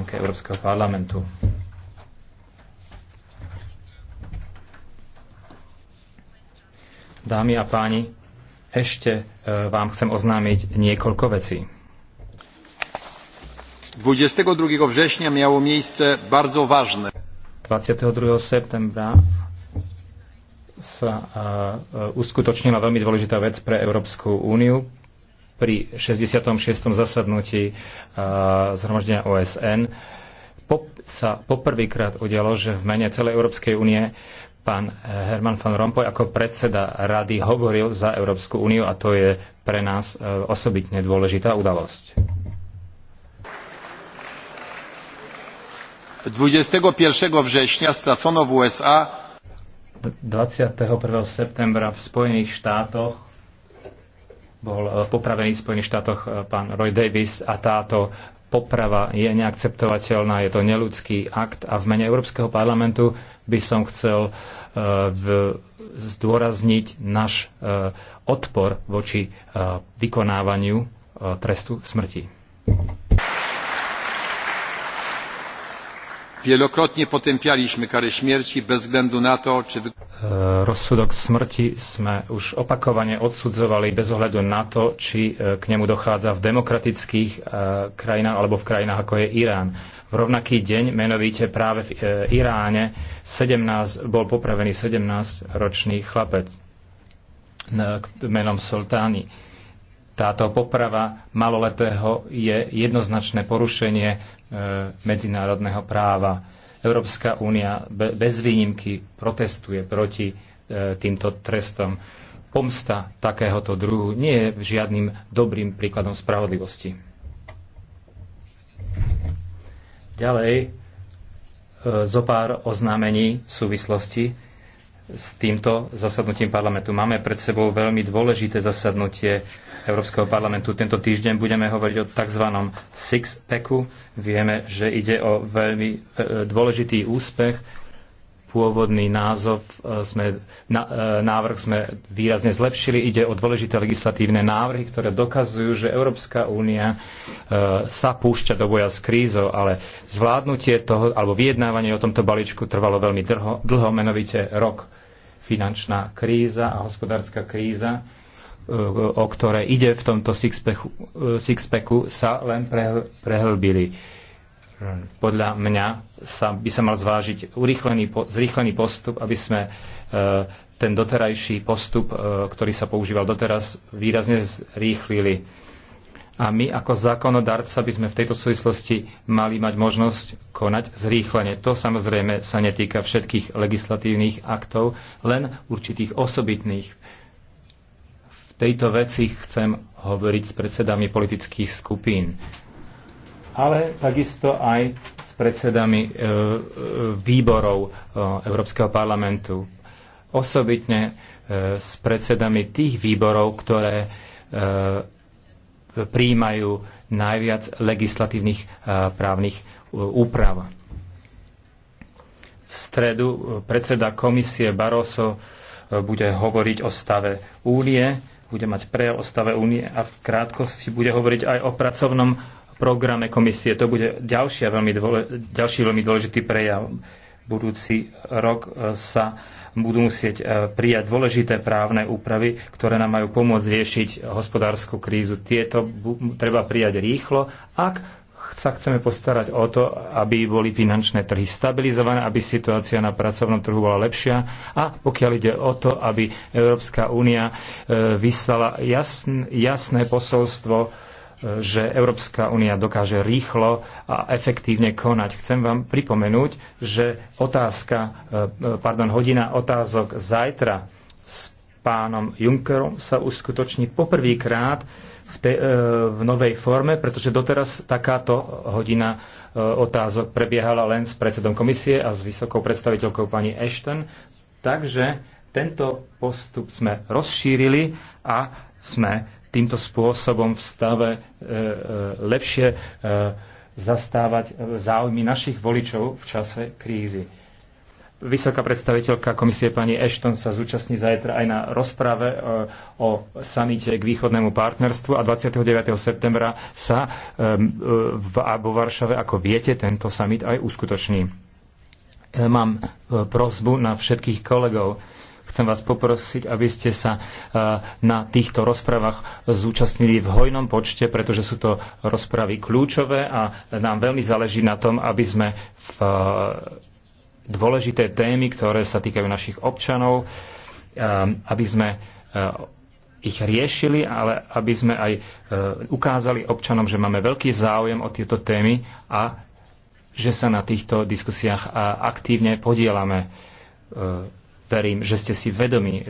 stránke Európskeho parlamentu. Dámy a páni, ešte e, vám chcem oznámiť niekoľko vecí. 22. września mialo miejsce bardzo vážne. 22. septembra sa e, e, uskutočnila veľmi dôležitá vec pre Európsku úniu, pri 66. zasadnutí zhromaždenia OSN sa poprvýkrát udialo, že v mene celej Európskej únie pán e, Herman van Rompuy ako predseda rady hovoril za Európsku úniu a to je pre nás e, osobitne dôležitá udalosť. 21. września stracono v USA 21. septembra v Spojených štátoch bol eh, popravený v Spojených štátoch eh, pán Roy Davis a táto poprava je neakceptovateľná, je to neludský akt a v mene Európskeho parlamentu by som chcel eh, v, zdôrazniť náš odpor voči vykonávaniu trestu smrti. Wielokrotnie potępialiśmy karę śmierci bez względu na to, czy... E, rozsudok smrti sme už opakovane odsudzovali bez ohľadu na to, či e, k nemu dochádza v demokratických e, krajinách alebo v krajinách ako je Irán. V rovnaký deň, menovite práve v Iráne, 17, bol popravený 17-ročný chlapec menom Soltáni. Táto poprava maloletého je jednoznačné porušenie medzinárodného práva Európska únia bez výnimky protestuje proti e, týmto trestom. Pomsta takéhoto druhu nie je žiadnym dobrým príkladom spravodlivosti. Ďalej, e, zo pár oznámení v súvislosti s týmto zasadnutím parlamentu. Máme pred sebou veľmi dôležité zasadnutie Európskeho parlamentu. Tento týždeň budeme hovoriť o tzv. six-packu. Vieme, že ide o veľmi e, e, dôležitý úspech. Pôvodný názov e, sme, návrh sme výrazne zlepšili. Ide o dôležité legislatívne návrhy, ktoré dokazujú, že Európska únia sa púšťa do boja s krízou, ale zvládnutie toho, alebo vyjednávanie o tomto balíčku trvalo veľmi dlho, dlho menovite rok finančná kríza a hospodárska kríza, e, o ktoré ide v tomto sixpacku, e, sa len prehlbili. Podľa mňa sa, by sa mal zvážiť urýchlený, zrýchlený postup, aby sme e, ten doterajší postup, ktorý sa používal doteraz, výrazne zrýchlili a my ako zákonodarca by sme v tejto súvislosti mali mať možnosť konať zrýchlenie. To samozrejme sa netýka všetkých legislatívnych aktov, len určitých osobitných. V tejto veci chcem hovoriť s predsedami politických skupín, ale takisto aj s predsedami e, e výborov e, Európskeho parlamentu. Osobitne e, s predsedami tých výborov, ktoré e, príjmajú najviac legislatívnych eh, právnych eh, úprav. V stredu eh, predseda komisie Barroso bude hovoriť o stave únie, bude mať prejav o stave únie a v krátkosti bude hovoriť aj o pracovnom programe komisie. To bude veľmi dôle, ďalší veľmi dôležitý prejav. Budúci rok sa budú musieť e, prijať dôležité právne úpravy, ktoré nám majú pomôcť riešiť hospodárskú krízu. Tieto treba prijať rýchlo, ak sa chceme postarať o to, aby boli finančné trhy stabilizované, aby situácia na pracovnom trhu bola lepšia a pokiaľ ide o to, aby Európska únia e, vyslala jasn, jasné posolstvo že Európska únia dokáže rýchlo a efektívne konať. Chcem vám pripomenúť, že otázka, e, e, pardon, hodina otázok zajtra s pánom Junckerom sa uskutoční poprvýkrát v, te, e, v novej forme, pretože doteraz takáto hodina otázok prebiehala len s predsedom komisie a s vysokou predstaviteľkou pani Ashton. Takže tento postup sme rozšírili a sme týmto spôsobom v stave e, e, lepšie e, zastávať záujmy našich voličov v čase krízy. Vysoká predstaviteľka komisie pani Ashton sa zúčastní zajtra aj na rozprave o samite k východnému partnerstvu a 29. septembra sa v, vo Varšave, ako viete, tento samit aj uskutoční. Mám prozbu na všetkých kolegov. Chcem vás poprosiť, aby ste sa e, na týchto rozprávach zúčastnili v hojnom počte, pretože sú to rozpravy kľúčové a nám veľmi záleží na tom, aby sme v e, dôležité témy, ktoré sa týkajú našich občanov, e, aby sme ich riešili, ale aby sme aj ukázali občanom, že máme veľký záujem o tieto témy a že sa na týchto diskusiách aktívne podielame. Verím, že ste si vedomi